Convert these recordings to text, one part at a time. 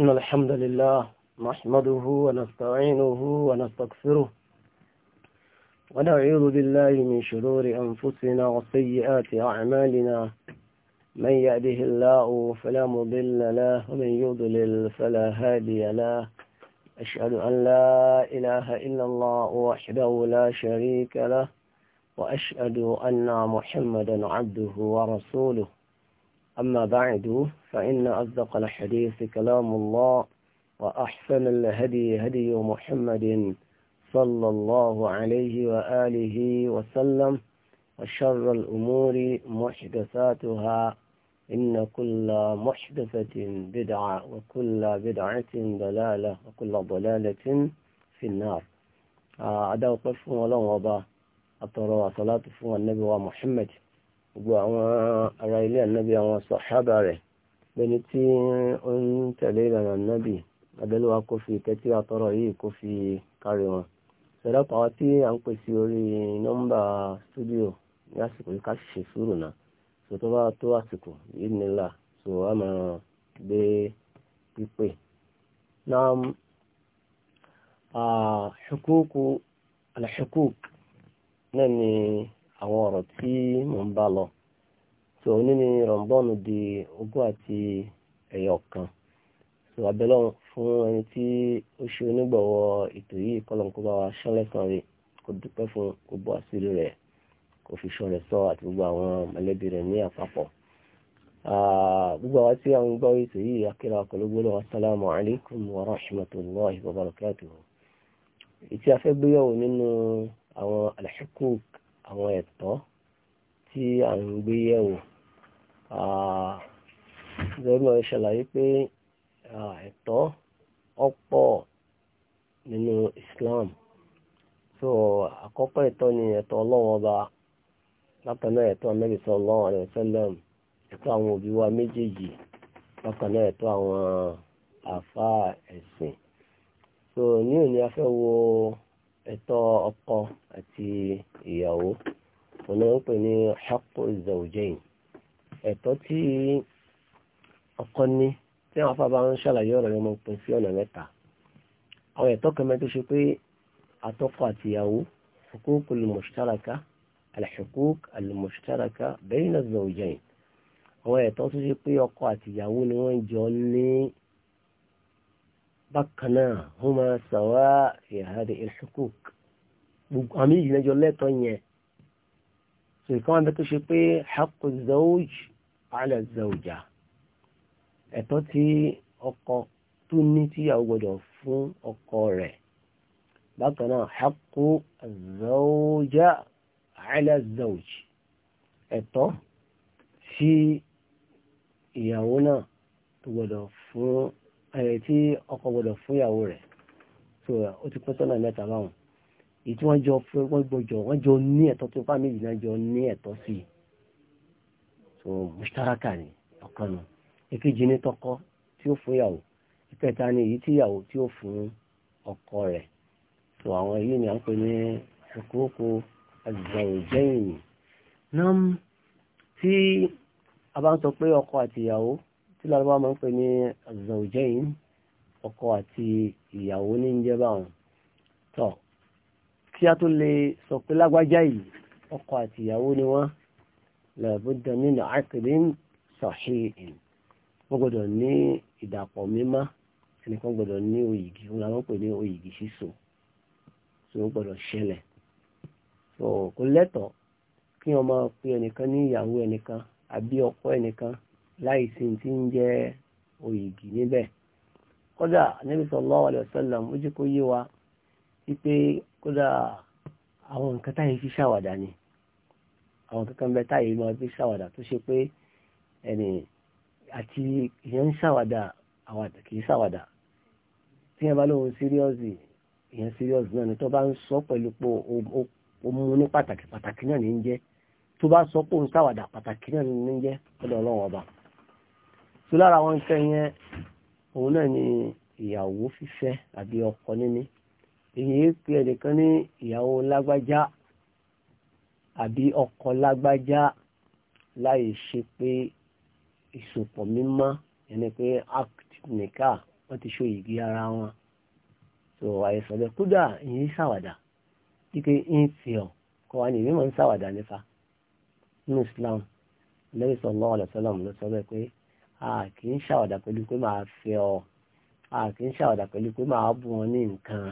إن الحمد لله نحمده ونستعينه ونستغفره ونعوذ بالله من شرور أنفسنا وسيئات أعمالنا من يأده الله فلا مضل له ومن يضلل فلا هادي له أشهد أن لا إله إلا الله وحده لا شريك له وأشهد أن محمدا عبده ورسوله أما بعد فإن أصدق الحديث كلام الله وأحسن الهدي هدي محمد صلى الله عليه وآله وسلم وشر الأمور محدثاتها إن كل محدثة بدعة وكل بدعة ضلالة وكل ضلالة في النار آه، أدعو قف ولو وضع أطروا صلاة النبي ومحمد gbogbo àwọn ara ilé ànábì àwọn sàhábà rẹ̀ lẹ́ni tí ó ń tẹ̀lé ìlànà ànábì abẹ́lẹ́wà kó fi tẹ́tí àtọ́rọ̀ yìí kó fi kárí wọn. sọ̀rọ̀ pàwọ́ tí à ń pèsè orí nọ́mbà stúdíò ní àsìkò yìí ká ṣe sùúrù náà sọ tó bá tó àsìkò yìí nílà sọ àwọn ọ̀rọ̀ tí mò ń bá lọ so òní ni rọ̀mbọ́ọ̀nù di ogún àti ẹ̀yọ̀ kan so abẹ́lọ́run fún ẹni tí ó ṣe onígbọ̀wọ́ ètò yìí kọ́lọ́n kó bá wa ṣánlẹ́sàn rẹ̀ kó dúpẹ́ fún gbogbo àṣírí rẹ̀ kó fi ṣọ́ rẹ̀ sọ àti gbogbo àwọn mọ̀lẹ́bí rẹ̀ ní àpapọ̀ gbogbo àwọn tí àwọn gbọ́ ètò yìí akéra ọ̀pọ̀lọpọ̀ lọ́wọ́ assalamu alaikum wa rahmatullahi wa barakatuh ètí afẹ́gbéyàwó nínú àwọn alhukuk àwọn ẹ̀tọ́ tí à ń gbé yẹ̀wò lórí ọ̀rẹ́ ṣàlàyé pé ẹ̀tọ́ ọ̀pọ̀ nínú Islam so àkọ́kọ́ ẹ̀tọ́ ni ẹ̀tọ́ ọlọ́wọ́ ọba bákan náà ẹ̀tọ́ Ànábì sallallahu alaihi wasallam ẹ̀tọ́ àwọn òbí wa méjèèjì bákan náà ẹ̀tọ́ àwọn àfa ẹ̀sìn so ní òní a fẹ́ wo ẹ̀tọ́ ọkọ àti ìyàwó òun ń pè ní haqqu zawjayn ẹ̀tọ́ tí ọkọ ní tí àwọn afábá ń ṣàlàyé ọ̀rọ̀ yẹn mọ̀ pín sí ọ̀nà mẹ́ta àwọn ẹ̀tọ́ kan tó ṣe pé àtọkọ àti ìyàwó huququl mushtaraka al-huquq al-mushtaraka àwọn ẹ̀tọ́ tó ṣe pé ọkọ àti ìyàwó ni wọ́n jọ ní bákan náà huma sawa fi hadhihi al-huquq gbogbo àmì ìyìnlẹ́jọ lẹ́tọ̀ yẹn so ìkan wọn bẹ tó ṣe pé haqqu zawj ala zawja ẹ̀tọ́ tí ọkọ tó ní tíyàwó gbọdọ̀ fún ọkọ rẹ̀ bákan náà haqqu zawja ala ẹ̀tọ́ tí ìyàwó náà tó gbọdọ̀ fún tí ọkọ gbọdọ̀ fún ìyàwó rẹ̀ tó ó ti pín sọ́nà mẹ́ta báwọn èyí tí wọ́n jọ fún wọ́n gbọ́jọ wọ́n jọ ní ẹ̀tọ́ tó fámìlì náà jọ ní ẹ̀tọ́ sí i tó mùsítáràkà ni ọ̀kan nu èkejì ní tọkọ tí ó fún ìyàwó ìkẹta ni èyí tí ìyàwó tí ó fún ọkọ rẹ̀ tó àwọn èyí ni à ń pè ní ìkókó àgbàwòjẹ́yìn náà tí a bá ń sọ pé ọkọ àti ìyàwó tí lárúbá máa ń pè ní azawjain ọkọ àti ìyàwó ní ń jẹ́ báwọn tó kí a tó lè sọ pé lágbájá yìí ọkọ àti ìyàwó ni wọ́n lẹ́bùdàn nínú akidin sahihin wọ́n gbọ́dọ̀ ní ìdàpọ̀ mímá ẹnìkan gbọ́dọ̀ ní oyìgì wọn làwọn pè ní oyìgì síso tí wọ́n gbọ́dọ̀ ṣẹlẹ̀ so kò lẹ́tọ̀ọ́ kí wọ́n máa pe ẹnìkan ní ìyàwó ẹnìkan àbí ọkọ ẹnìkan láì sí ti ń jẹ́ òyìgì níbẹ̀ kódà Ànábì sallallahu alaihi wasallam ó jẹ́ kó yé wa wípé kódà àwọn nǹkan táyé fi ṣàwàdà ni àwọn kankan bẹ táyé máa fi ṣàwàdà tó ṣe pé ẹni àti ìyẹn ń ṣàwàdà àwọn àtàkì ṣàwàdà tí ẹ bá lóun síríọ́sì ìyẹn síríọ́sì náà ni tó bá ń sọ pẹ̀lú pé o mú ní pàtàkì pàtàkì náà ní jẹ́ tó bá sọ pé òun ṣàwàdà pàtàkì náà ní jẹ́ ọ̀dọ̀ ọba tó lára àwọn nǹkan yẹn òun náà ni ìyàwó fífẹ́ àbí ọkọ níní èyí pé ẹnìkan ní ìyàwó lágbájá àbí ọkọ lágbájá láì ṣe pé ìsopọ̀ mímọ́ ẹni pé act nìka wọ́n ti ṣó ìgì ara wọn so àìsàn bẹ kódà ìyìn ṣàwàdà wípé ń fi hàn kọ́ wa ní ìrímọ̀ ń ṣàwàdà nípa nínú Islam lẹ́yìn sallallahu alaihi wasallam ló pé a kì í ṣàwàdà pẹ̀lú pé màá fẹ́ ọ a kì í ṣàwàdà pẹ̀lú pé màá bù wọn ní nǹkan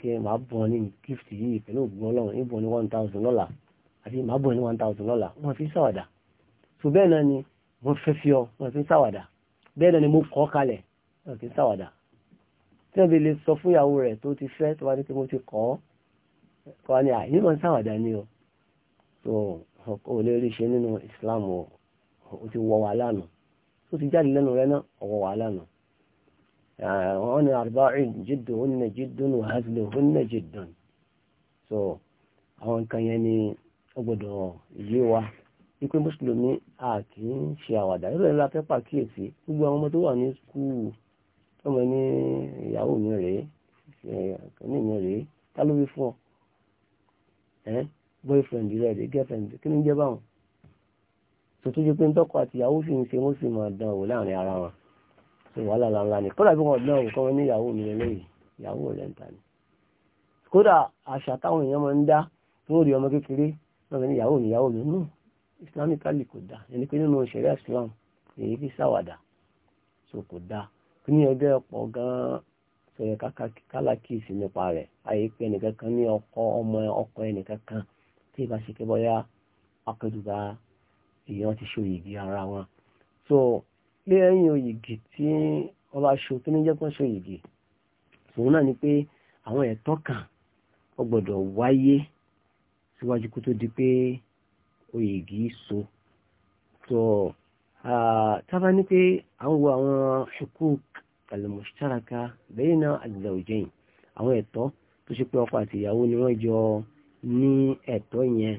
kí màá bù wọn ní gift yìí pẹ̀lú ògùn ọlọ́run ìbùn ní one thousand lọ́la àti màá bù wọn ní one thousand lọ́la wọn fi ṣàwàdà so bẹ́ẹ̀ náà ni mo fẹ́ fi ọ wọn fi ṣàwàdà bẹ́ẹ̀ náà ni mo kọ́ kalẹ̀ wọn fi ṣàwàdà tí wọ́n fi lè sọ fún ìyàwó rẹ̀ tó ti fẹ́ tó wá ní pé mo ti kọ́ kọ́ ni àìní mọ̀ ń ṣàwàdà ni o so ò lè rí ṣe nínú Islam o ti wọ wa lánàá ti jáde lẹ́nu rẹ náà ọ̀wọ̀ wà lánà wọ́n ní arba'in jiddun hunna jiddun wa hazluhunna hunna jiddun so àwọn nǹkan yẹn ni ó gbọ́dọ̀ yé wa wípé mùsùlùmí a kì í ṣe àwàdà yóò lọ́la fẹ́ pàkíyèsí gbogbo àwọn ọmọ tó wà ní skul ọmọ ní ìyàwó mi rèé ọ̀kànnì mi rèé ta ló fi fún ọ boyfriend rẹ rèé girlfriend kí ni ń jẹ́ báwọn tó tó jẹ́ pé ńtọ́kọ àtìyàwó sì ń ṣe wọ́n sì máa dán wò láàrin ara wọn ṣe wàhálà lánlá ni kódà bí wọn dán wò kọ́ wọn ní ìyàwó mi lélẹ́yìí ìyàwó rẹ̀ ń ta ni. kódà àṣà táwọn èèyàn máa ń dá tí wọ́n rí ọmọ kékeré náà ní ìyàwó mi ìyàwó mi nù islamically kò dáa ẹni pé nínú ìṣẹ̀rí islam èyí fi ṣàwàdà so kò dáa kí ní ẹgbẹ́ ọ̀pọ̀ gan-an sọ̀rọ̀ kálákìsì nípa rẹ̀ àyè pé ẹnìkankan ní ọkọ ọmọ ọkọ ẹnìkankan tí ìbá èèyàn ti ṣe òyìgì ara wọn so lẹ́yìn òyìgì tí wọ́n bá ṣe tó ní jẹ́ pọ́n ṣe òyìgì òun náà ni pé àwọn ẹ̀tọ́ kan ó gbọ́dọ̀ wáyé síwájú kó tó di pé òyìgì so so tábà ní pé àwọn wo àwọn hukuk al-mushtaraka bayna al-zawjayn àwọn ẹ̀tọ́ tó ṣe pé ọkọ àti ìyàwó ni wọ́n jọ ní ẹ̀tọ́ yẹn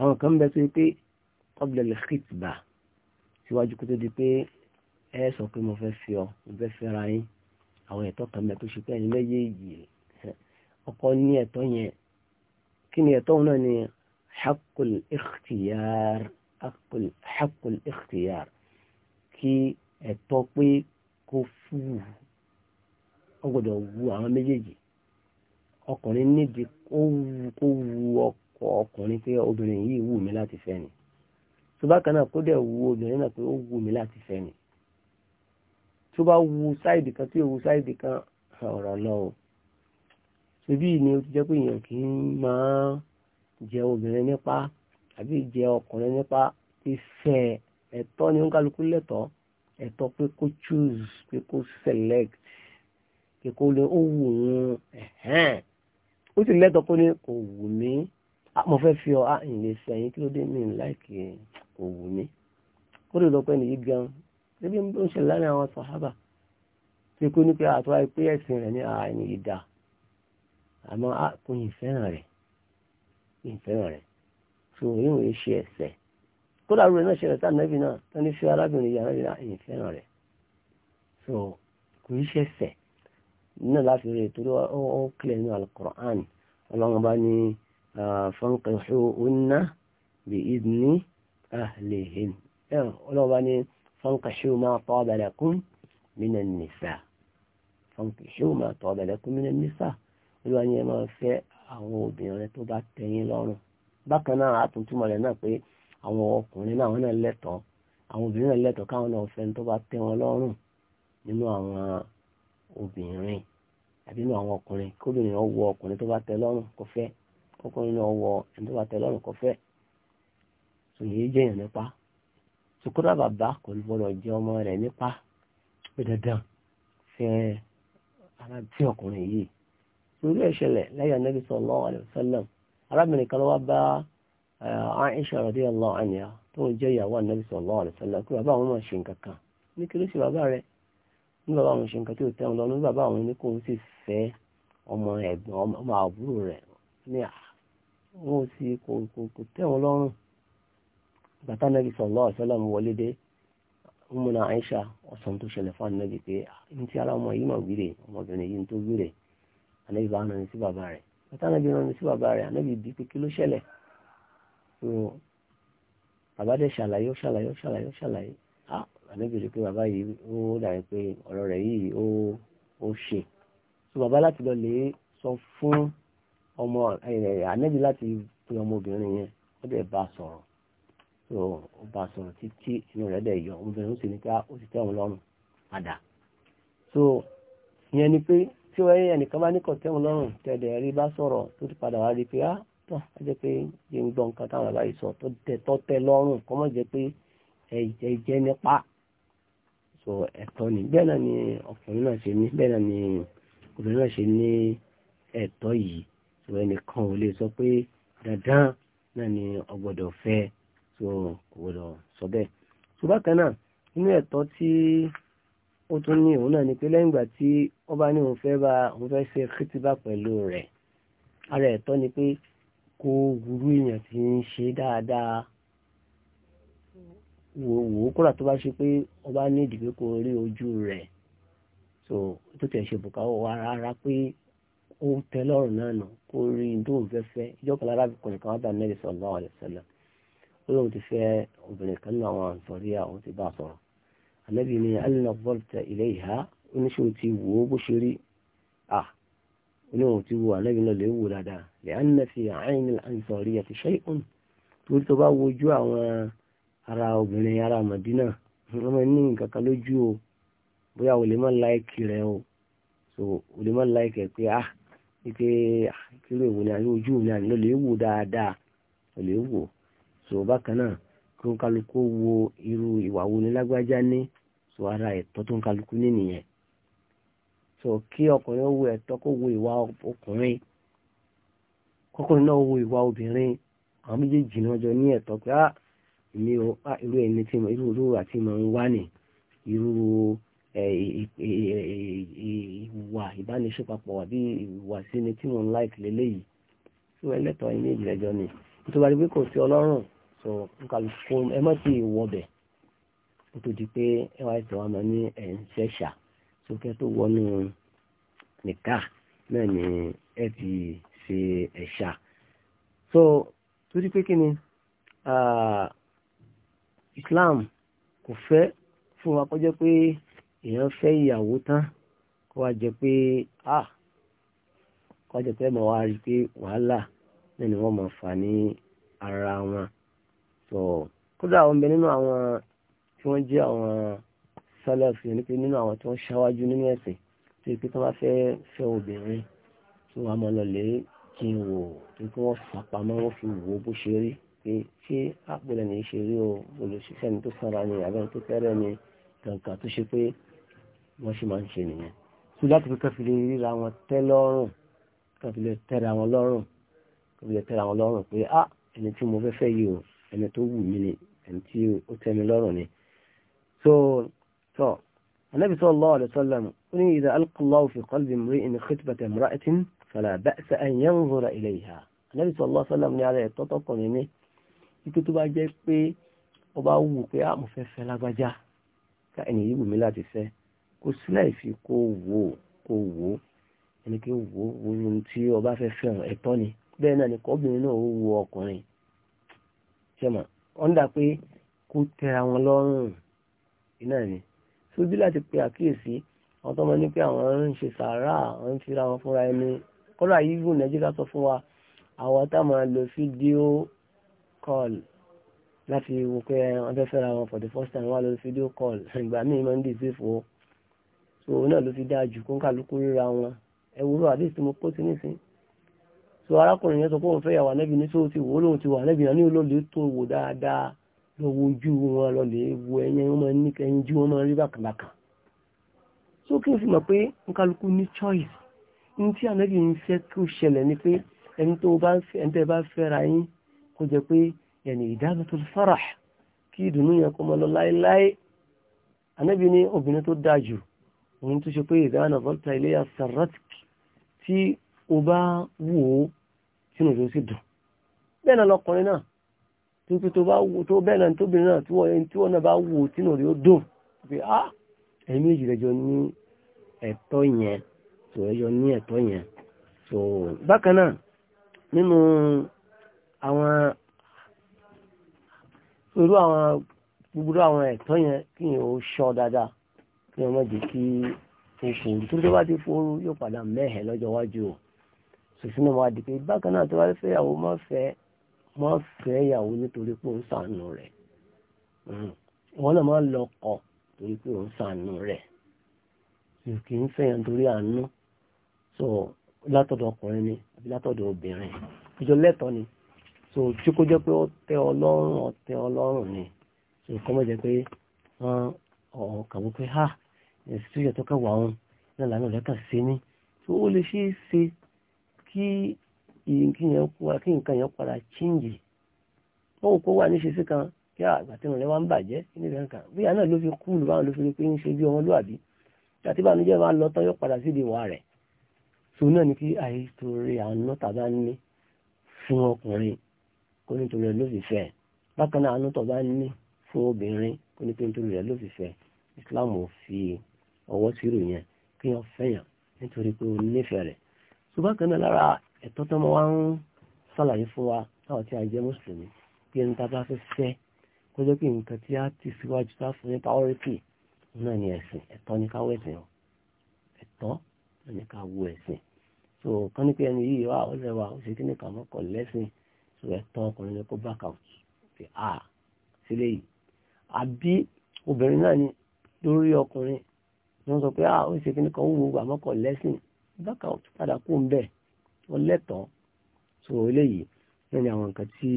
àwọn kan bẹ tó ṣe pé qabla al-khitbah síwájú kó tó di pé ẹ sọ pé mo fẹ́ fi ọ mo fẹ́ fẹ́ra yín àwọn ẹ̀tọ́ kan mẹ́ tó ṣe pé ẹ̀yin méjèèjì ọkọ ní ẹ̀tọ́ yẹn kí ni ẹ̀tọ́ náà ni haqqul ikhtiyar haqqul haqqul ikhtiyar kí ẹ̀tọ́ pé kó fúwù ó gbọ́dọ̀ wu àwọn méjèèjì ọkùnrin nídìí kó wu ọkọ ọkùnrin pé obìnrin yìí wù mí láti fẹ́ ni tó bá kan náà kó dẹ̀ wu obìnrin náà pé ó wù mí láti fẹ́ ni tó bá wu sáìdì kan tí ò wu sáìdì kan ọ̀rọ̀ lọ o ṣebí ni o ti jẹ́ pé èèyàn kì í máa jẹ obìnrin nípa àbí jẹ ọkùnrin nípa ìfẹ́ ẹ̀tọ́ ni ó ń kálukú lẹ́tọ̀ọ́ ẹ̀tọ́ pé kó choose pé kó select pé kó lè ó wù wọn ẹ̀hẹ́n ó sì lẹ́tọ̀ọ́ kó kò wù mí ah, mo fẹ́ fi ọ à ń kí ló dé mi láìkì kò wù mí ó lè lọ pẹ́ nìyí gan ebi ń ṣẹlẹ̀ láàrin àwọn sàhábà tí kú ní pé àtúwá pé ẹ̀sìn rẹ̀ ní àìní ìdá àmọ́ kún ìfẹ́ràn rẹ̀ ìfẹ́ràn rẹ̀ tó yíò ń ṣe ẹ̀sẹ̀ kódà rẹ̀ náà ṣẹlẹ̀ tánàbí náà tó ní fi arábìnrin yà náà ìfẹ́ràn rẹ̀ so kò í ṣe ẹ̀sẹ̀ náà láti rẹ̀ torí ó kílẹ̀ nínú alukur'an ọlọ́run bá ní fankihuhunna bi idni ahlihin ọlọ́ọ̀bá ní fankashu ma taba lakum minan nisa fankashu ma taba lakum minan nisa olúwa ní ẹ máa fẹ́ àwọn obìnrin tó bá tẹ́yìn lọ́rùn bákan náà àtúntúmọ̀ rẹ̀ náà pé àwọn ọkùnrin náà àwọn náà lẹ́tọ̀ọ́ àwọn obìnrin náà lẹ́tọ̀ọ́ káwọn náà fẹ́ tó bá tẹ́ wọn lọ́rùn nínú àwọn obìnrin àbí nínú àwọn ọkùnrin kóbìnrin náà wọ ọkùnrin tó bá tẹ́ lọ́rùn kó fẹ́ kókùnrin náà wọ ẹni tó bá tẹ́ lọ́rùn kó fẹ́ sòyìn jẹyàn nípa sùkúrà bàbá kò ní gbọ́dọ̀ jẹ ọmọ rẹ̀ nípa pé dandan fẹ́ ara tí ọkùnrin yìí sórí ẹ̀ṣẹ̀lẹ̀ lẹ́yìn anábì sallallahu alaihi wasallam arábìnrin kan wá bá Aisha radiyallahu anha tó jẹ́ ìyàwó anábì sallallahu alaihi wasallam pé àwọn máa ṣe nǹkan kan ní kí ló ṣe ní bàbá àwọn ṣe nǹkan tí ò tẹ́ wọn lọ ní bàbá àwọn ní kò sì fẹ́ ọmọ ẹ̀gbọ́n ọmọ àbúrò rẹ̀ ní àwọn sì kò tẹ́ wọn lọ́rùn bàtà nàbì sallallahu alaihi wasallam wọlé dé múna Aisha ọ̀sán tó ṣẹlẹ̀ fún ànábì pé ah, ní ti ara ọmọ yìí mà wíre ọmọbìnrin yìí tó wíre ànábì bá rán sí bàbá rẹ̀ bàtà nàbì rán sí bàbá rẹ̀ ànábì bí pé kí ló ṣẹlẹ̀ so bàbá dẹ̀ ṣàlàyé ó ṣàlàyé ó ṣàlàyé ó ṣàlàyé ah ànábì rí pé bàbá yìí ó dàrí pé ọ̀rọ̀ rẹ̀ yìí ó ó ṣe so bàbá láti lọ lè sọ fún ọmọ ànábì láti pe ọmọbìnrin yẹn ó dẹ̀ bá sọ̀rọ̀ so ó bá sọ̀rọ̀ títí inú rẹ̀ dẹ̀ yọ obìnrin ó sì ní ká ah, ó sì tẹ́ òun lọ́rùn padà so ìyẹn ni pé tí ó yẹ ẹnìkan bá níkọ̀ tẹ́ òun lọ́rùn tẹ̀lẹ̀ rí bá sọ̀rọ̀ tó ti padà wá rí pé á ah, tọ́ á jẹ́ pé yẹ ń gbọ́ nǹkan táwọn àbáyé sọ tó tẹ tọ́ tẹ lọ́rùn kọ́ mọ̀ jẹ́ pé ẹ̀jẹ̀ jẹ́ nípa so ẹ̀tọ́ ni bẹ́ẹ̀ náà ni ọkùnrin náà ṣe ní bẹ́ẹ̀ náà ni obìnrin náà ṣe ní ẹ̀tọ́ yìí so ẹnìkan ò lè sọ pé dandan náà ni ọgbọ́dọ̀ fẹ́ẹ́ so kò gbọdọ̀ sọ bẹ́ẹ̀. so bákan náà nínú ẹ̀tọ́ tí ó tún ní òun náà ni pé lẹ́yìn ìgbà tí wọ́n bá ní òun fẹ́ bá òun fẹ́ ṣe kìtìbà pẹ̀lú rẹ̀ ara ẹ̀tọ́ ni pé kó wúrú èèyàn ti ń ṣe dáadáa wò wò kóra tó bá ṣe pé ọba ní ìdìbò kò rí ojú rẹ̀ so tó tẹ̀ ṣe bùkáwọ̀ wa rárá pé ó tẹ́ lọ́rùn náà nù kó rí tó ń fẹ́ fẹ́ ìjọba alábìkùnrin kan wá bá nẹ́ẹ̀dì sallallahu alaihi wasallam lóun ti fẹ́ obìnrin kan náà àwọn àǹsọ̀rí àwọn ti bá sọ̀rọ̀ ànábì ni alina volta ilé ìhá oníṣòwò ti wò ó bó ṣe rí à oníwọ̀n ti wo ànábì náà lè wò dáadáa lè ànínà fi àárín àǹsọ̀rí àti ṣẹ́yìn torí tó bá wojú àwọn ara obìnrin ara Màdínà wọ́n máa nǹkan kan lójú o bóyá o lè má láìkì rẹ o so o lè má láìkì ẹ pé ah pé kí ló èwo ni àní ojú mi àní ló lè wò dáadáa o lè wò so bákan náà kí n kálukú wo irú ìwà wo ni lágbájá ní so ara ẹ̀tọ́ tó ń kálukú ní nìyẹn so kí ọkùnrin wo ẹ̀tọ́ kó wo ìwà ọkùnrin kọkùnrin náà wo ìwà obìnrin àwọn méjèèjì náà jọ ní ẹ̀tọ́ pé ah èmi ò ah irú ẹni tí mo irú irú àti mo ń wá ní irú ìwà ìbánisọpapọ̀ àbí ìwà síni tí mo ń láìkì lélẹ́yìí so ẹlẹ́tọ̀ọ́ ẹni méjì lẹ́jọ́ ni nítorí pé kò sí ọlọ́run so nkàlùkò ẹ má ti wọbẹ̀ kó tó di pé ẹ wá ìtàn wa máa ní ẹ̀ ń ṣẹ̀ṣà sókè tó wọnú nìkà náà ni ẹ ti ṣe ẹ̀ṣà so torí pé kí ni Islam kò fẹ́ fún wa kọjá pé èèyàn fẹ́ ìyàwó tán kó wá jẹ pé ah kó wá jẹ pé ẹ máa wá rí i pé wàhálà náà ni wọ́n máa fà ní ara wọn so kódà àwọn ọmọ nínú àwọn tí wọ́n jẹ́ àwọn salaf yẹn nípe nínú àwọn tí wọ́n ṣáwájú nínú ẹ̀sìn tó yẹ pé tí wọ́n bá fẹ́ fẹ́ obìnrin tí wọ́n á máa lọ lè kí n wò tó kí wọ́n fapamọ́ wọ́n fi wò bó ṣe rí pé ṣé àpòlẹ̀ ní í ṣe rí o olùṣiṣẹ́ ni tó sanra ni àbẹ́ni tó tẹ́rẹ̀ ni kankan tó ṣe pé wọ́n ṣe máa ń ṣe nìyẹn tó láti fi káfí lè ríra wọn tẹ́ lọ́rùn káfí lè tẹ́ra wọn lọ́rùn káfí lè tẹ́ra wọn lọ́rùn pé ah ẹni tí mo fẹ́ fẹ́ yìí o ẹni tó wù mí ni ẹni tí ó tẹ́ mi lọ́rùn ni so so anabi sallallahu alaihi wasallam ó ní idha alqa Allahu fi qalbi imri'in khitbata imra'atin fala ba'sa an yanzura ilayha anabi sallallahu alaihi wasallam ní ara ẹ̀ tọ́tọ́kùnrin ní ikú tó bá jẹ́ pé ó bá wù pé a ah, mo fẹ́ fẹ́ lágbájá ká ẹni yìí wù mí láti fẹ́ kó sílẹ̀ ìfi kó wò kó wò ẹni kí wò wò ní tí ó fẹ́ fẹ́ràn ẹ̀tọ́ ni bẹ́ẹ̀ náà ni kọ́bìnrin náà ó ọkùnrin ṣẹmọ wọn dà pé kó tẹra wọn lọ́rùn iná ni sójú láti pe àkíyèsí àwọn tó máa ní pé àwọn ń ṣe sàárà àwọn ń fira wọn fúnra ẹni kọ́lá yìí gùn nàìjíríà sọ fún wa àwọn tá máa lo fídíò kọ́ọ̀lù láti wo pé wọ́n fẹ́ fẹ́ra wọn for the first time wá lórí fídíò call ìgbà míì máa ń dì sí ìfowó so náà ló fi dáa jù kó ń kálukú ríra wọn ẹ wúrọ àdéhùn tí mo kó sí nísìn so arákùnrin yẹn sọ pé òun fẹ́ yàwó ànẹ́bì ní sóò ti wò ó lóun ti wà ànẹ́bì náà ní olóòlù tó wò dáadáa lọ́wọ́ ojú wọn lọ́lẹ̀ wo ẹyẹn wọn ní ẹyin jú wọn rí bàkàbàkà so kí n fi mọ̀ pé nkálukú ní choice ní tí ànẹ́bì ń fẹ́ kí ó ṣẹlẹ̀ ni pé ẹni tó bá ẹni tẹ́ bá fẹ́ra yín kó jẹ́ pé ẹni ìdánatul farah kí ìdùnnú yẹn kó máa lọ láéláé ànẹ́bì ní obìnrin tó dáa jù òun tó ṣe pé ìdáná volta ilé o bá wò ó sínú ìlú sí dùn bẹ́ẹ̀ náà lọkùnrin náà tó pé tó bá wò tó bẹ́ẹ̀ náà tóbìnrin náà tí wọ́n tí wọ́n náà bá wò ó sínú ìlú dùn pé á ẹ̀mí èjì rẹ̀ jọ ní ẹ̀tọ́ yẹn tó ẹ̀yọ ní ẹ̀tọ́ yẹn tó bákan náà nínú àwọn irú àwọn gbogbo àwọn ẹ̀tọ́ yẹn kí n ò ṣọ́ dáadáa kí n má jẹ́ kí o tó bá ti fòrú yóò padà mẹ́hẹ̀ lọ́jọ́ iwájú o sòfin náà wà dìpé bákan náà tó bá fẹ́ ìyàwó má fẹ́ má fẹ́ ìyàwó nítorí pé ó ń sànù rẹ̀ hmm. wọn náà má lọ kọ torí pé ó ń sànù rẹ̀ kì í fẹ́yàn torí àánú so látọ̀dọ̀ ọkùnrin ni àbí látọ̀dọ̀ obìnrin ìjọ lẹ́tọ̀ ni so tí kò jẹ́ pé ó tẹ́ ọlọ́run ó tẹ́ ọlọ́run ni so kọ́ mọ̀ jẹ́ pé wọ́n ọ̀kà pé ha ìsìtúyẹ̀ tó kẹwàá òun náà làánú rẹ̀ kà sí ni so ó lè ṣe ṣe kí nǹkan yẹn padà chíǹgì wọ́n kó wà ní ṣesí kan kí àgbàtìmọ̀ rẹ̀ wá ń bàjẹ́ níbi kan bíyà náà ló fi kúlù báwọn ló fi rí pé ń ṣe bí ọmọlúwàbí àti bànújẹ́ máa lọ tán yóò padà sí ìdíwà rẹ̀ so náà ni kí àìsòrè àánú tàbá ní fún ọkùnrin kó nítorí rẹ̀ ló fi fẹ́ bákan náà àánú tàbá ní fún obìnrin kó nítorí rẹ̀ ló fi fẹ́ Islam ò fi ọwọ́ sírò yẹn kí wọ́n fẹ́yàn nítorí pé ó nífẹ̀ẹ́ rẹ̀ ṣùgbọ́n kan náà lára ẹ̀tọ́ tó mọ́ wá ń ṣàlàyé fún wa táwọn tí a jẹ́ mùsùlùmí bí ẹni tá a bá fẹ́ fẹ́ kó jẹ́ pé nǹkan tí a ti síwájú tá fún ní pàórítì náà ni ẹ̀sìn ẹ̀tọ́ ní káwọ́ ẹ̀sìn o ẹ̀tọ́ náà káwọ́ ẹ̀sìn so kán ní pé ẹni yìí wà ó lẹ́wà ó ṣe kí ní kàmọ́ kọ̀ lẹ́sìn so ẹ̀tọ́ ọkùnrin kó back out fi a sílé yìí àbí obìnrin náà ni lórí ọkùnrin ni wọ́n sọ pé a ó ṣe kí ní bákan padà kú ń bẹ̀ wọ́n lẹ́tọ̀ọ́ so eléyìí náà ni àwọn nǹkan tí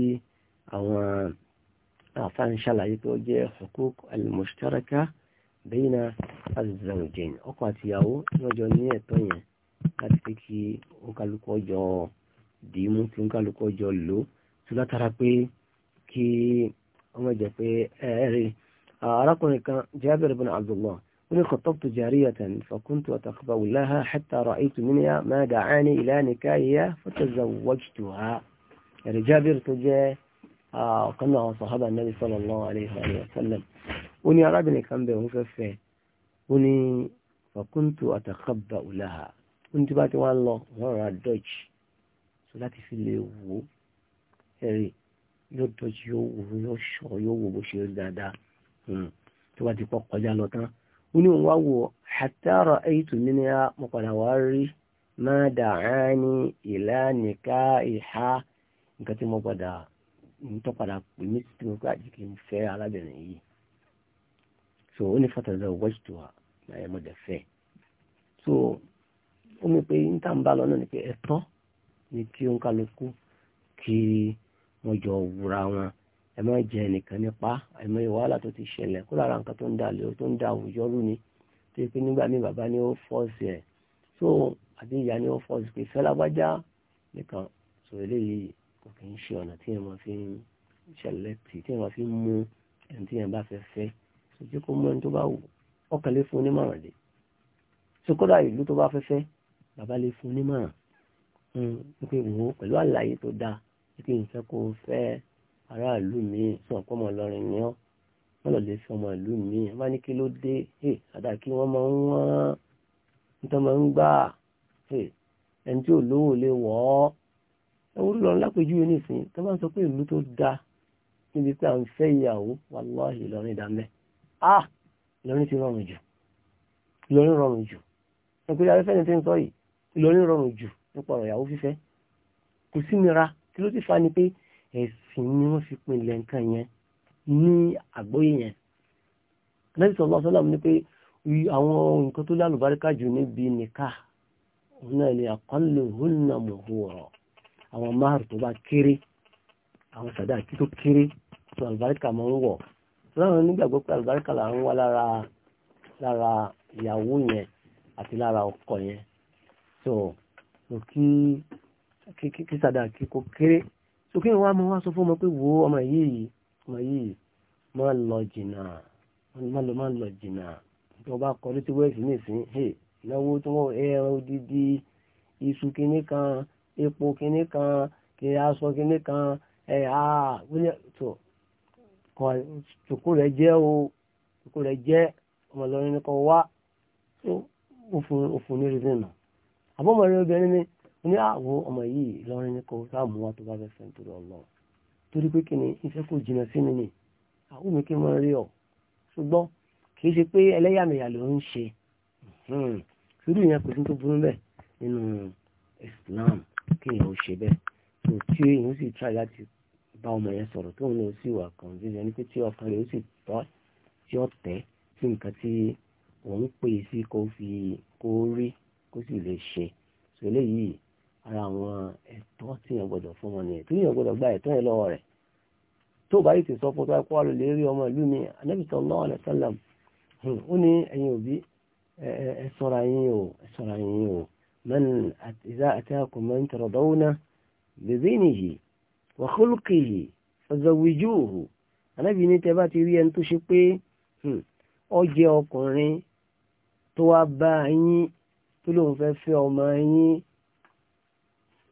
àwọn àfáà ń ṣàlàyé pé ó jẹ́ huquq al-mushtaraka bayna az-zawjayn ọkọ àti ìyàwó lọ́jọ́ ní ẹ̀tọ́ yẹn láti pé kí òǹkálukọ́ jọ dìímú kí òǹkálukọ́ jọ lò ó tó látara pé kí ọmọ jẹ pé ẹ̀ẹ́rì arákùnrin kan Jabir ibn Abdullah من خطبت جارية فكنت أتخبأ لها حتى رأيت منها ما دعاني إلى نكاهها فتزوجتها يعني جابر تجاه قنع صحابة النبي صلى الله عليه وسلم وني أرادني كان به ففه وني فكنت أتخبأ لها كنت باتي والله ورا دوتش صلاتي في اللي هو yóò tọ́jú yóò wò yóò ṣọ́ yóò wò bó ṣe rí dáadáa tó n'uwa wuo a taara eyi tụminia mokpada waa ma da haa ni ilaa iha kaa nke ti mokpada a n'i tụkpala n'i n'i tụkpa jigé n'i fe ala so o ni fota dịrị o wa jitu a ya ma daa fe so o ni kpee nta nbaala onu ni kpee e tọ i n'i ti nkalu kuu ii mojọ wura nwa. ẹ má jẹ ẹnìkan nípa ẹmọ ìwàhálà tó ti ṣẹlẹ̀ kó lára nǹkan tó ń dà lérò tó ń dà àwùjọ rú ni tó yẹ pé nígbà míì bàbá ni ó fọ́ọ̀sì ẹ̀ so àbí ìyá ni ó fọ́ọ̀sì pé fẹ́ lágbájá nìkan so eléyìí kò kì í ṣe ọ̀nà tí ẹ̀ máa fi ń ṣẹlẹ̀ tì tí ẹ̀ fi ń mú ẹni tí ẹ̀ bá fẹ́ fẹ́ so jẹ́ kó mú ẹni tó bá wù ọkàn lè fún onímọ̀ràn so kódà ìlú tó bá fẹ́ fẹ́ bàbá lè fún onímọ̀ràn hmm, pé wò ó pẹ̀lú aráàlú mi sọ pé ọmọ Ìlọrin ni ọ́ wọ́n lọ lè fi ọmọ ìlú mi wọ́n bá ní kí ló dé àdá kí wọ́n máa ń wọ́n nítorí máa ń gbà ẹni tí ò lówó lè wọ́ ọ́ ẹwọ́n lọ lápèjúwe nísìnyí tó bá ń sọ pé ìlú tó da níbi pé à ń fẹ́ ìyàwó wàláhì Ìlọrin ìdámẹ́ ah Ìlọrin ti rọrùn jù Ìlọrin rọrùn jù ẹgbẹ́ afẹ́fẹ́ ni ti ń sọ yìí Ìlọrin rọrùn jù nípa ọ̀rọ̀ ìyàwó fífẹ́ kò sí nira kí ló ti fa ni pé ẹ̀sìn ni wọ́n fi pinlẹ̀ nǹkan yẹn ní àgbóyè yẹn Ànábì sallallahu alaihi wasallam ní pé àwọn nǹkan tó lálùbáríkà jù níbi nìka òun náà ni aqalluhunna muhura àwọn máàrù tó bá kéré àwọn sàdáàkí tó kéré tó àlùbáríkà máa ń wọ̀ láwọn onígbàgbọ́ pé àlùbáríkà là ń wá lára lára ìyàwó yẹn àti lára ọkọ yẹn so kí kí sàdáàkí kó kéré sókè wa mo wá sọ fún ọmọ pé wo ọmọ yìí ọmọ yìí má lọ jìnnà má lọ má lọ jìnnà tí wọ́n bá kọ létí wẹ́ẹ̀sì nìsín ìnáwó tí wọ́n ẹran odidi iṣu kínní kan epo kínní kan kí aṣọ kínní kan ẹ̀ á wílẹ̀ tó kọ́ tòkó rẹ̀ jẹ́ o tòkó rẹ̀ jẹ́ ọmọ lọ́rin ní kọ́ wá ó fún ní rìsìn àbọ̀mọ̀ rẹ̀ obìnrin ni ní àwọ ọmọ yìí lọ́rin ní kò sáàmù wá tó bá fẹ́ fẹ́ntò lọ lọ torí pé kí ni iṣẹ́ kò jìnà sí mi ni àwọn mi kí mọ́ rí ọ ṣùgbọ́n kì í ṣe pé ẹlẹ́yàmẹ̀yà ló ń ṣe ṣùgbọ́n hmm. ìyẹn kò sí tó burú bẹ́ẹ̀ nínú Islam kí èèyàn ó ṣe bẹ́ẹ̀ tó tí èèyàn sì try láti bá ọmọ yẹn sọ̀rọ̀ tóun náà sì wà kàn jíjẹ ní pé tí ọkàn rẹ̀ ó sì tọ́ tí ó tẹ́ sí nǹkan tí òun pè sí kó fi kó rí kó sì lè ṣe ṣe eléyìí ara àwọn ẹ̀tọ́ tí yẹn gbọ́dọ̀ fún wọn nìyẹn tí yẹn gbọ́dọ̀ gba ẹ̀tọ́ yẹn lọ́wọ́ rẹ̀ tó bá yìí ti sọ fún tó ẹ̀kọ́ àlọ́ lè ọmọ ìlú mi anábì sallallahu alaihi wasallam hmm, ó ní ẹ̀yin òbí ẹ ṣọ́ra yín o ẹ ṣọ́ra yín o man idha atakum man tardawna bi dinihi wa khulqihi fazawijuhu anábì ní tẹ́ bá ti rí ẹni tó ṣe pé hmm,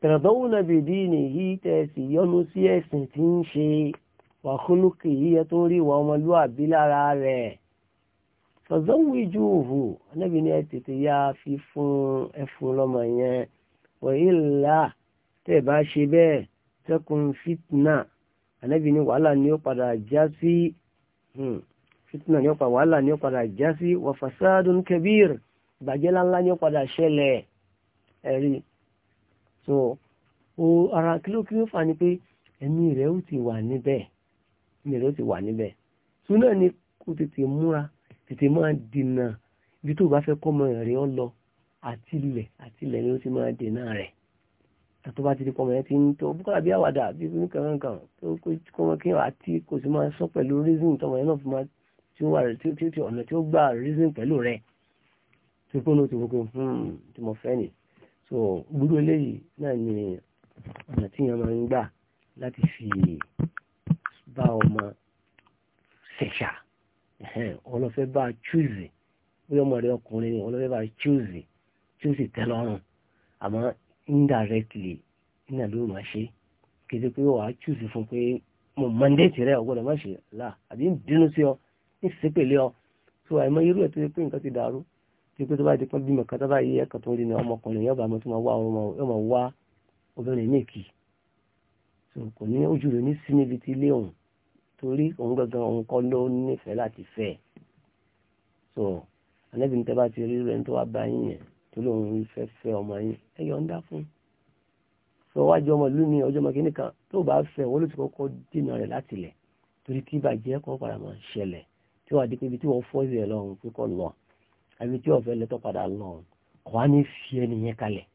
tẹ̀rẹ̀dọ́wọ́nà bèdí nìyí tẹ̀sí yọnu sí ẹ̀sìn tí ń ṣe wàhúlùkì yíyẹ tó rí ìwà ọmọlúwàbí lára rẹ̀ fọ̀zọ́wìjú òhù anábì ní ẹ tètè yá fi fún ẹfun lọ́mọ yẹn wọ̀nyí là tẹ̀ bá ṣe bẹ́ẹ̀ tẹ́kùn fitna anábì ní wàhálà ni ó padà já sí fitna ni ó padà wàhálà ni ó padà já sí wàfàsádùn kẹbíir ìbàjẹ́ láńlá ni ó padà ṣẹlẹ̀ ẹ̀rí so o ara kí ló kí ló fà ní pé ẹ̀mí rẹ̀ ó ti wà níbẹ̀ ẹ̀mí rẹ̀ ó ti wà níbẹ̀ so náà ni kó tètè múra tètè máa dènà ibi tó bá fẹ́ kọ́mọ rẹ̀ ọ lọ àti ilẹ̀ àti ilẹ̀ ni ó ti máa dènà rẹ̀ tó bá ti di kọ́mọ yẹn ti ń tó búkọ́lá bí àwàdà bí ní kankan tó kọ́mọ kí àti kò sì máa sọ pẹ̀lú reason tọmọ yẹn náà fi máa tí ó wà tí ọ̀nà tí ó gbà reason pẹ̀lú rẹ̀ tó kó ní o ti wọ́n pé hmm, tí mo fẹ́ nìyí so gbúrú eléyìí náà ni ọ̀nà tí yẹn máa ń gbà láti fi bá ọmọ ṣẹ̀ṣà ọlọ́fẹ́ bá chúùzì bí ọmọ rẹ ọkùnrin ni ọlọ́fẹ́ bá chúùzì chúùzì tẹ́lọ́rùn àmọ́ indirectly náà ló máa ṣe kété pé wàá chúùzì fún pé mo mandate rẹ ọgbọ́dọ̀ má ṣe là àbí ń bínú sí ọ ń ṣépèlé ọ so àìmọ irú ẹ̀ tó yẹ pé nǹkan ti dàrú tí pé tó bá di pọ́ bímọ kan tó bá yí ẹ̀kọ́ tó ń rí ni ọmọkùnrin yóò bá mọ tó máa wá ọmọ yóò máa wá obìnrin ní èkì kò ní ojú rẹ̀ ní sí níbi tí ilé òun torí òun gangan òun kọ́ ló nífẹ̀ẹ́ láti fẹ́ so anábì níta bá ti rí rẹ̀ tó wá bá yín yẹn tó lóun fẹ́ fẹ́ ọmọ yín ẹ yọ ń dá fún sọ wájú ọmọ ìlú ní ọjọ́ mọ́kínní kan tó bá fẹ́ wọ́n ló ti kọ́kọ́ dènà rẹ̀ látilẹ̀ torí kí ìbàjẹ́ kọ́ padà máa ṣẹlẹ̀ tí wàá di pé ibi tí wọ́n fọ́ ìrẹ̀ lọ́run pé kọ́ ẹni tí ọ̀fẹ́ lẹ́tọ́ padà lọ kò á ní fi ẹni yẹn kalẹ̀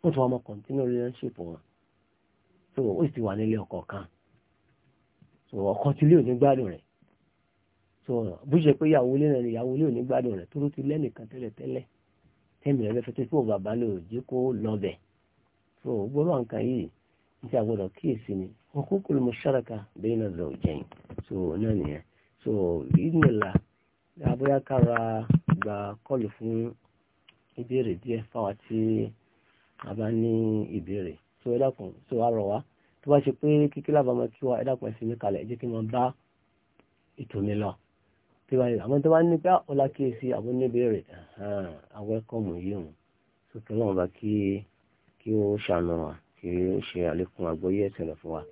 wọ́n tún wá mọ́ continue relationship wọn so ó sì wà nílé ọkọ kan so ọkọ tí ilé ò ní gbádùn so bó ṣe pé ìyàwó ilé rẹ̀ ìyàwó ilé ò ní gbádùn rẹ̀ tó ló ti lẹ́nìkan tẹ́lẹ̀ tẹ́lẹ̀ tẹ́mi rẹ̀ fẹ́ tó fún bàbá lè jẹ́ kó lọ́bẹ̀ so gbọ́dọ̀ nǹkan yìí ní ti kíyèsí ni wọn kúkú ló mọ ṣáraka bẹ́ẹ̀ náà lọ jẹ́yìn so náà nìyẹn so ìdílé la àbóyá kára gbà kọlù fún ìbéèrè díẹ̀ fáwa tí a bá ní ìbéèrè tó ẹ dákun tó wá rọ̀ wá tó bá ṣe pé kíkí lábàámọ̀ kí wa ẹ dákun ẹ̀sìn mi kalẹ̀ jẹ́ kí wọ́n bá ètò mi lọ tí wọ́n yẹ àwọn tó bá ní pé ọlá ah, kíyèsí àbó ní ìbéèrè àwọn ẹ̀kọ́ mọ̀ yìí hùn tó kí wọ́n bá kí kí ó ṣàánú wa kí ó ṣe àlékún àgbọ́yé ẹ̀sìn rẹ̀ fún wa.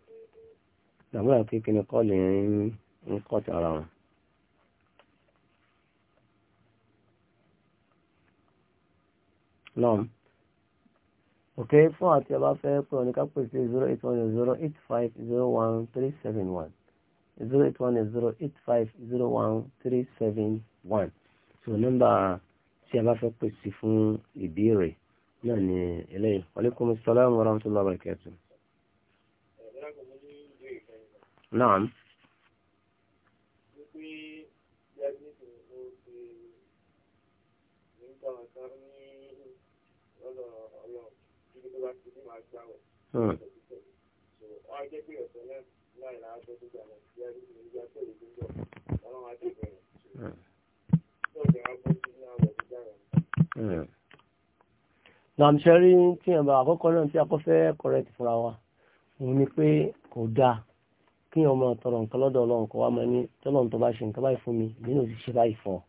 ìdààmú àkékè ni kọ́ọ̀lì ń kọ́ta ara náà ok fún àti ọba fẹ́ pé ọ̀nà ká pèsè zero eight one zero eight five zero one three seven one zero eight one zero eight five zero one three seven one so nọ́mbà tí a bá fẹ́ pèsè fún ìbéèrè náà ni eléyìí aleykum salaam wa rahmatullahi wa barakatuh. naam. wá sí ní máa gbà wọ̀. wọ́n á jẹ́ pé ọ̀sẹ̀ náà láì náà tó gbà wọ̀ sí ẹni tó tó lè tó ọlọ́run á dìbò rẹ̀. lọ́ọ̀dẹ̀ á bọ́ sí ní àwọ̀ tó dára. Nàmṣẹ́rí tí ẹ̀bà àkọ́kọ́ náà tí a correct fúnra wa, òun ni pé kò dáa kí ọmọ tọrọ nǹkan lọ́dọ̀ ọlọ́run kọ́ wá máa ní tọ́lọ́run tó bá ṣe nǹkan báyìí fún mi nínú òṣìṣẹ́ báyìí fún ọ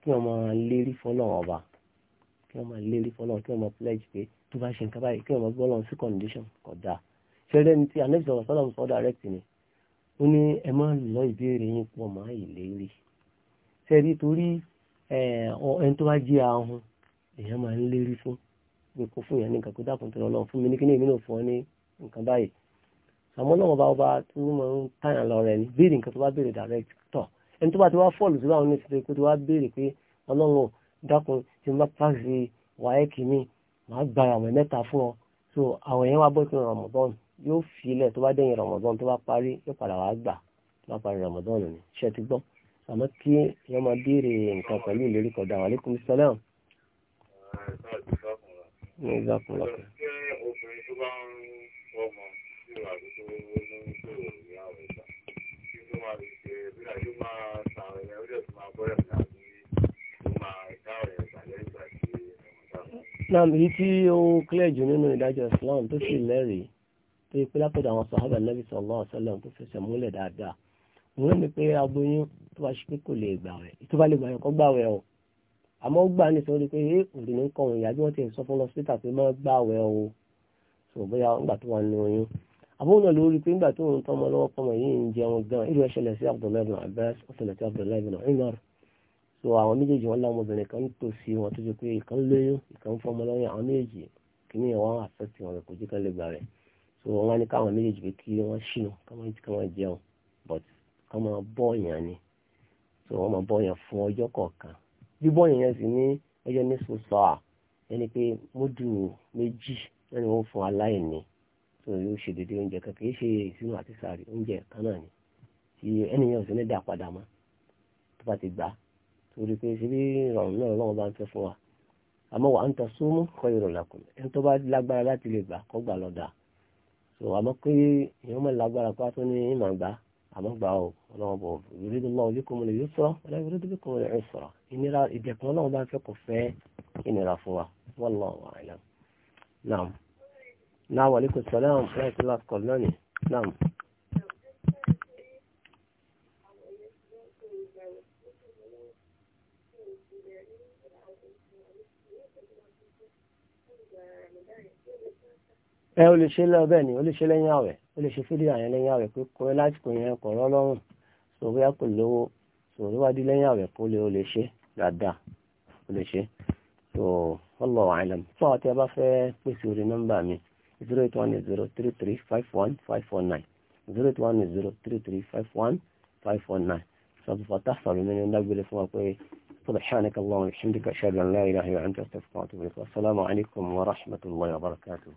kí ọmọ lérí fọlọ́run ọba kí ọmọ lérí fọlọ́run kí ọmọ pledge pé tó bá ṣe nǹkan báyìí kí ọmọ gbọ́ lọ sí condition kò dáa ṣẹlẹ̀ ní ti anabi sọ̀rọ̀ sọ́dọ̀ sọ́ direct ni ó ní ẹ má lọ ìbéèrè yín pọ̀ mọ́ ìlérí ṣẹ́rí torí ẹni tó bá jẹ́ ahun èèyàn máa ń lérí fún pé kó fún èèyàn ní nǹkan kó dákun tó lọ́wọ́ fún mi ní kí ní èmi náà fún ọ ní nǹkan báyìí àmọ́ náà wọn bá ọba tó máa ń tàyàn lọ rẹ ni béèrè nǹkan tó bá béèrè direct tọ̀ ẹni tó bá ti wá fọ́ọ̀lù tó bá wọn ní ìṣẹ̀lẹ̀ pé tó wá béèrè pé ọlọ́run dákun ti má pàṣẹ wáyé kìíní màá gba àwẹ̀ mẹ́ta fún ọ so àwẹ̀ yẹn wá bọ́ sí Ramadan yóò fi ilẹ̀ tó bá dẹ̀yìn Ramadan tó bá parí yóò padà wá gbà tó bá parí Ramadan ni ṣe ti gbọ́ àmọ́ kí wọ́n máa béèrè nǹkan pẹ̀lú ìlérí kọ̀dà wa alaikum salam. ṣé obìnrin tó bá ń fọmọ sí ìwádìí tó tó ìròyìn àwọn ìgbà kí ló máa ṣe bí àjọ máa sàrẹ̀ ẹ̀ ó dẹ̀ tó máa bọ́rẹ̀ Islam yìí tí ó ń clear jù nínú ìdájọ́ Islam tó sì lẹ́rìí tó yẹ pé látọ̀dọ̀ àwọn sàhábà nàbì sallallahu alaihi wasallam tó fẹsẹ̀ múlẹ̀ dáadáa òun ní pé aboyún tó bá ṣe pé kò lè gbà rẹ̀ tó bá lè gbà yẹn kó gbà wẹ̀ o àmọ́ ó gbà nítorí pé ẹ òdì ní kọ́ òun ìyá bí wọ́n ti sọ fún lọ́sítà pé má gbà wẹ̀ o sọ bóyá ńgbà tó wà nínú oyún àbúrò lórí pé ńgbà tó ń tọ́mọ lọ́wọ́ pọ́mọ yìí ń jẹun gan irú ẹ̀ sí Abdullahi bin Abdullahi so àwọn méjèèjì wọn láwọn obìnrin kan tòsí wọn tó ṣe pé ìkan lóyún ìkan fọmọ lọ́yìn àwọn méjèèjì kìíní ìwọ̀n àfẹ́tì wọn kò jí kan lè gbà rẹ̀ so wọn wá ní káwọn méjèèjì pé kí wọ́n ṣìnà káwọn káwọn jẹun but ká máa bọ́ọ̀yàn ni so wọ́n máa bọ́ọ̀yàn fún ọjọ́ kọ̀ọ̀kan bí bọ́ọ̀yàn yẹn sì ní ọjọ́ ní sọ́sọ́ à ẹni pé módù méjì lẹ́nu wọn fún aláìní so yóò ṣe dédé oúnjẹ kan kìí ṣe ìsinú àti sàárì oúnjẹ kan náà ni tí ẹnìyàn sì ní dà padà mọ́ tó bá ti gbà á torí pé ṣe bí ìrọ̀rùn náà lọ́wọ́ bá ń fẹ́ fún wa àmọ́ wà ń tọ́ súnmú kọ́ ìrọ̀ làkùn ẹni tó bá lágbára láti lè gbà kọ́ gbà lọ́dà so àmọ́ pé èèyàn mọ̀ lágbára pa tó ní ìmọ̀ gbà àmọ́ gbà ó ọlọ́wọ́ bọ̀ ìrírí lọ́wọ́ bí kòmọ̀lẹ̀ yóò sọ̀rọ̀ ọlọ́wọ́ ìrírí bí kòmọ̀lẹ̀ yóò sọ̀rọ̀ ìnira ìdẹ̀kùn ọlọ́wọ́ bá ń fẹ́ kò fẹ́ ìnira fún wa wallahu a'lam naam náà wàlíkùn sọ̀rọ̀ àwọn fúláìtì láti kọ̀ lónìí ẹ o lè ṣe lọ bẹ́ẹ̀ ni o lè ṣe lẹ́yìn àwẹ̀ o lè ṣe fídíò àyẹn lẹ́yìn àwẹ̀ pé kọ́ lásìkò yẹn kọ̀ rọ́ lọ́rùn sọ bóyá kò lówó sọ níwájú lẹ́yìn àwẹ̀ kó lè o lè ṣe dáadáa o lè ṣe tó Allahu a'lam fún àwọn tí a bá fẹ́ pèsè orí nọ́mbà mi zero eight one zero three three five one five four nine zero eight one zero three three five one five four nine sọ́dún fata ni dágbére fún wa pé سبحانك اللهم وبحمدك أشهد أن لا إله إلا أنت أستغفرك وأتوب إليك والسلام عليكم ورحمة الله وبركاته